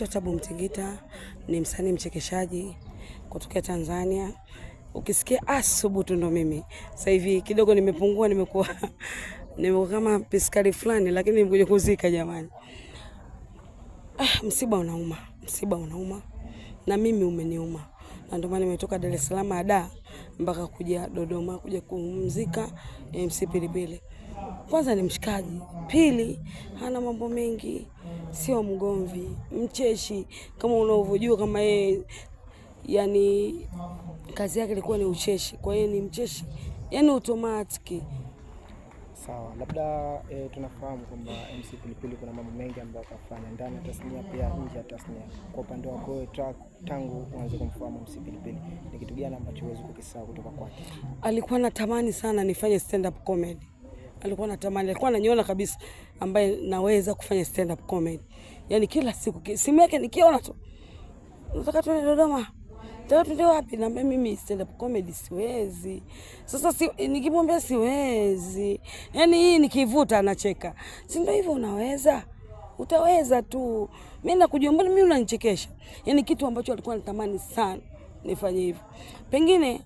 Naitwa Tabu Mtingita, ni msanii mchekeshaji kutokea Tanzania. Ukisikia asubutu ndo mimi. Sasa hivi kidogo nimepungua, nimekuwa nimekuwa kama piskari fulani, lakini nimekuja kuzika jamani. Ah, msiba unauma, msiba unauma na mimi umeniuma, na ndio maana nimetoka Dar es Salaam ada mpaka kuja Dodoma kuja kumzika MC Pilipili. Kwanza ni mshikaji, pili hana mambo mengi sio mgomvi, mcheshi kama unavyojua, kama yeye yani kazi yake ilikuwa ni ucheshi, kwa hiyo ni mcheshi yani automatic. Sawa, labda e, tunafahamu kwamba MC Pilipili kuna mambo mengi ambayo akafanya ndani ya tasnia pia nje ya tasnia. Kwa upande wako wewe, tangu uanze kumfahamu MC Pilipili, ni kitu gani ambacho huwezi kukisahau kutoka kwake? Alikuwa natamani sana nifanye stand up comedy alikuwa anatamani, alikuwa ananiona kabisa ambaye naweza kufanya stand up comedy. Yani kila siku simu yake nikiona tu, nataka tuende Dodoma, nataka tuende wapi, na mimi stand up comedy siwezi. Sasa si, nikimwambia siwezi, yani hii nikivuta anacheka, si ndio hivyo, unaweza utaweza tu, mimi nakujua, mbona mimi unanichekesha? Yani kitu ambacho alikuwa anatamani sana nifanye hivyo, pengine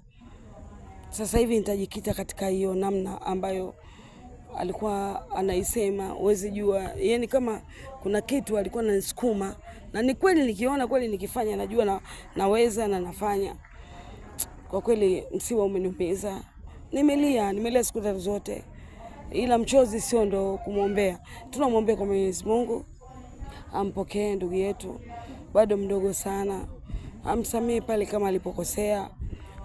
sasa hivi nitajikita katika hiyo namna ambayo alikuwa anaisema, uwezi jua, yani kama kuna kitu alikuwa ananisukuma, na ni kweli nikiona kweli nikifanya najua na, naweza na nafanya. Kwa kweli msiba umeniumiza, nimelia, nimelia siku tatu zote, ila mchozi sio ndo kumwombea, tunamwombea kwa Mwenyezi Mungu ampokee ndugu yetu, bado mdogo sana, amsamii pale kama alipokosea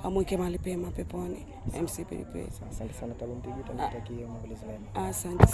amweke mahali pema peponi. MC Pilipili, asante sana. Asante.